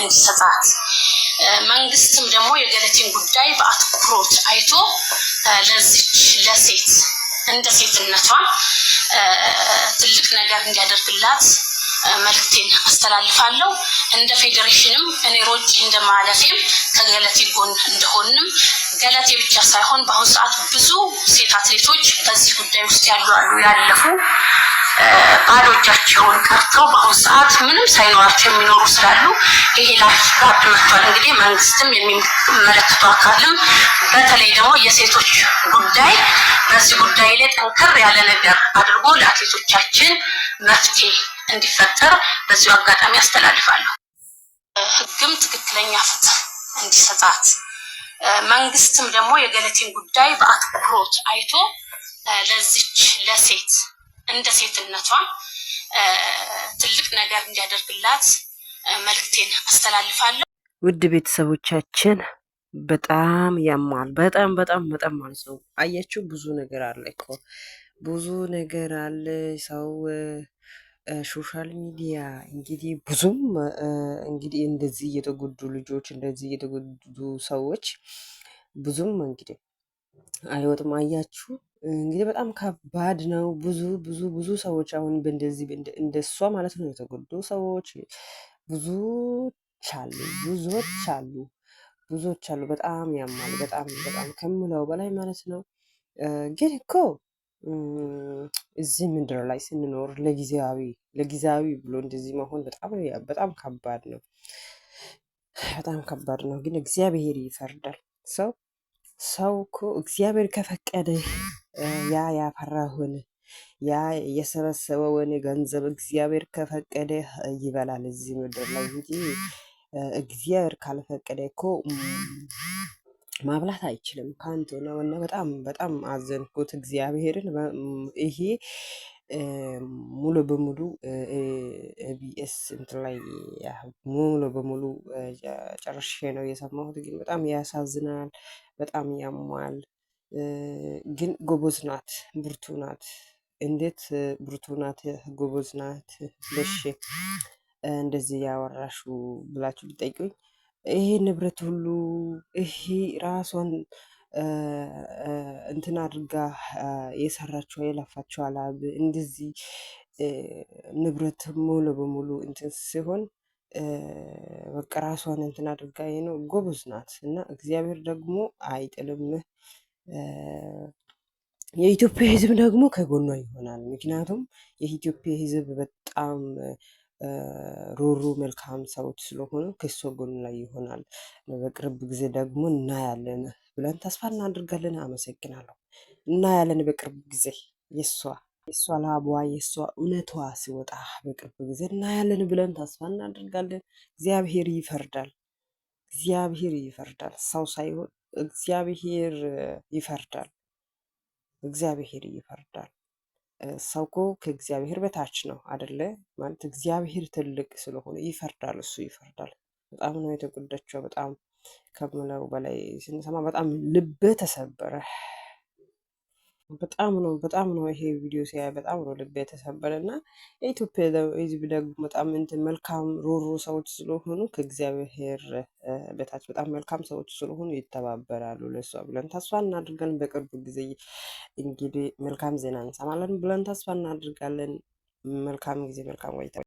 እንዲሰጣት መንግስትም ደግሞ የገለቴን ጉዳይ በአትኩሮት አይቶ ለዚች ለሴት እንደ ሴትነቷን ትልቅ ነገር እንዲያደርግላት መልክቴን አስተላልፋለሁ። እንደ ፌዴሬሽንም እኔ ሮጭ እንደ ማለፌም ከገለቴ ጎን እንደሆንም ገለቴ ብቻ ሳይሆን በአሁኑ ሰዓት ብዙ ሴት አትሌቶች በዚህ ጉዳይ ውስጥ ያሉ ያለፉ ባዶ እጃቸውን ቀርተው በአሁኑ ሰዓት ምንም ሳይኖራቸው የሚኖሩ ስላሉ ይሄ ላይፍ ጋፕ እንግዲህ መንግስትም የሚመለከቱ አካልም በተለይ ደግሞ የሴቶች ጉዳይ በዚህ ጉዳይ ላይ ጠንከር ያለ ነገር አድርጎ ለአትሌቶቻችን መፍትሄ እንዲፈጠር በዚሁ አጋጣሚ ያስተላልፋለሁ። ህግም ትክክለኛ ፍትህ እንዲሰጣት መንግስትም ደግሞ የገለቴን ጉዳይ በአትኩሮት አይቶ ለዚች ለሴት እንደ ሴትነቷ ትልቅ ነገር እንዲያደርግላት መልክቴን አስተላልፋለሁ። ውድ ቤተሰቦቻችን በጣም ያማል። በጣም በጣም በጣም ማለት ነው። አያችሁ ብዙ ነገር አለ እኮ ብዙ ነገር አለ። ሰው ሶሻል ሚዲያ እንግዲህ ብዙም እንግዲህ እንደዚህ እየተጎዱ ልጆች እንደዚህ እየተጎዱ ሰዎች ብዙም እንግዲህ አይወጥም። አያችሁ እንግዲህ በጣም ከባድ ነው። ብዙ ብዙ ብዙ ሰዎች አሁን በእንደዚህ እንደ ማለት ነው የተጎዱ ሰዎች ብዙዎች አሉ፣ ብዙዎች አሉ፣ ብዙዎች አሉ። በጣም ያማል። በጣም በጣም ከምለው በላይ ማለት ነው። ግን እኮ እዚህ ምድር ላይ ስንኖር ለጊዜያዊ ለጊዜያዊ ብሎ እንደዚህ መሆን በጣም በጣም ከባድ ነው። በጣም ከባድ ነው። ግን እግዚአብሔር ይፈርዳል። ሰው ሰው እኮ እግዚአብሔር ከፈቀደ ያ ያፈራውን ያ የሰበሰበውን ገንዘብ እግዚአብሔር ከፈቀደ ይበላል እዚህ ምድር ላይ እንጂ እግዚአብሔር ካልፈቀደ እኮ ማብላት አይችልም። ከንቱ ነው እና በጣም በጣም አዘንኩት እግዚአብሔርን። ይሄ ሙሉ በሙሉ ኤቢኤስ እንትን ላይ ሙሉ በሙሉ ጨርሼ ነው የሰማሁት። ግን በጣም ያሳዝናል፣ በጣም ያሟል። ግን ጎበዝ ናት፣ ብርቱ ናት። እንዴት ብርቱ ናት፣ ጎበዝ ናት፣ ለሽ እንደዚህ ያወራሹ ብላችሁ ልጠይቁኝ። ይሄ ንብረት ሁሉ ይሄ ራሷን እንትን አድርጋ የሰራችው የለፋችው አላብ እንደዚህ ንብረት ሙሉ በሙሉ እንትን ሲሆን በቃ ራሷን እንትን አድርጋ ነው። ጎበዝ ናት እና እግዚአብሔር ደግሞ አይጥልም። የኢትዮጵያ ሕዝብ ደግሞ ከጎኗ ይሆናል። ምክንያቱም የኢትዮጵያ ሕዝብ በጣም ሩሩ መልካም ሰዎች ስለሆኑ ከሷ ጎን ላይ ይሆናል። በቅርብ ጊዜ ደግሞ እናያለን ብለን ተስፋ እናደርጋለን። አመሰግናለሁ። እናያለን በቅርብ ጊዜ የሷ የእሷ ላቧ የእሷ እውነቷ ሲወጣ በቅርብ ጊዜ እናያለን ብለን ተስፋ እናደርጋለን። እግዚአብሔር ይፈርዳል። እግዚአብሔር ይፈርዳል። ሰው ሳይሆን እግዚአብሔር ይፈርዳል። እግዚአብሔር ይፈርዳል። ሰው እኮ ከእግዚአብሔር በታች ነው አደለ? ማለት እግዚአብሔር ትልቅ ስለሆነ ይፈርዳል፣ እሱ ይፈርዳል። በጣም ነው የተጎዳቸው። በጣም ከምለው በላይ ስንሰማ በጣም ልብ ተሰበረ። በጣም ነው በጣም ነው ይሄ ቪዲዮ ሲያይ በጣም ነው ልብ የተሰበረ እና የኢትዮጵያ ህዝብ ደግሞ በጣም እንትን መልካም ሮሮ ሰዎች ስለሆኑ ከእግዚአብሔር በታች በጣም መልካም ሰዎች ስለሆኑ ይተባበራሉ። ለሷ ብለን ተስፋ እናድርጋለን። በቅርቡ ጊዜ እንግዲህ መልካም ዜና እንሰማለን ብለን ተስፋ እናድርጋለን። መልካም ጊዜ፣ መልካም ቆይታ